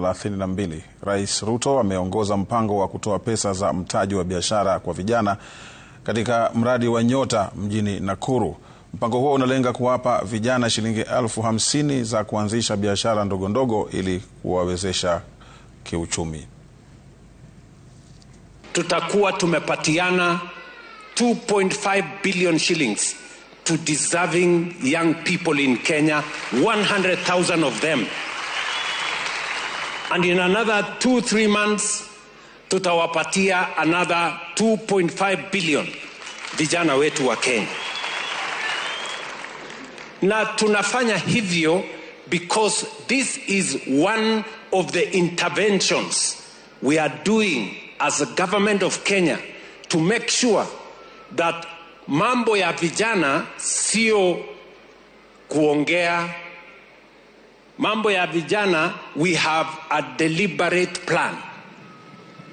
32. Rais Ruto ameongoza mpango wa kutoa pesa za mtaji wa biashara kwa vijana katika mradi wa Nyota mjini Nakuru. Mpango huo unalenga kuwapa vijana shilingi elfu hamsini za kuanzisha biashara ndogo ndogo ili kuwawezesha kiuchumi. Tutakuwa tumepatiana 2.5 billion shillings to deserving young people in Kenya 100,000 of them and in another two, three months tutawapatia another 2.5 billion vijana wetu wa Kenya, na tunafanya hivyo because this is one of the interventions we are doing as a government of Kenya to make sure that mambo ya vijana sio kuongea mambo ya vijana, we have a deliberate plan,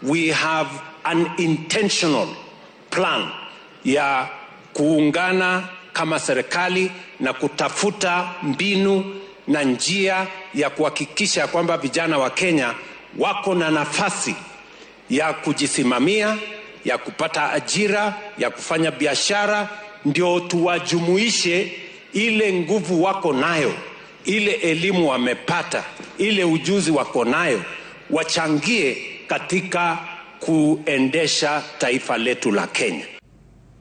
we have an intentional plan ya kuungana kama serikali na kutafuta mbinu na njia ya kuhakikisha kwamba vijana wa Kenya wako na nafasi ya kujisimamia, ya kupata ajira, ya kufanya biashara, ndio tuwajumuishe ile nguvu wako nayo ile elimu wamepata, ile ujuzi wako nayo, wachangie katika kuendesha taifa letu la Kenya.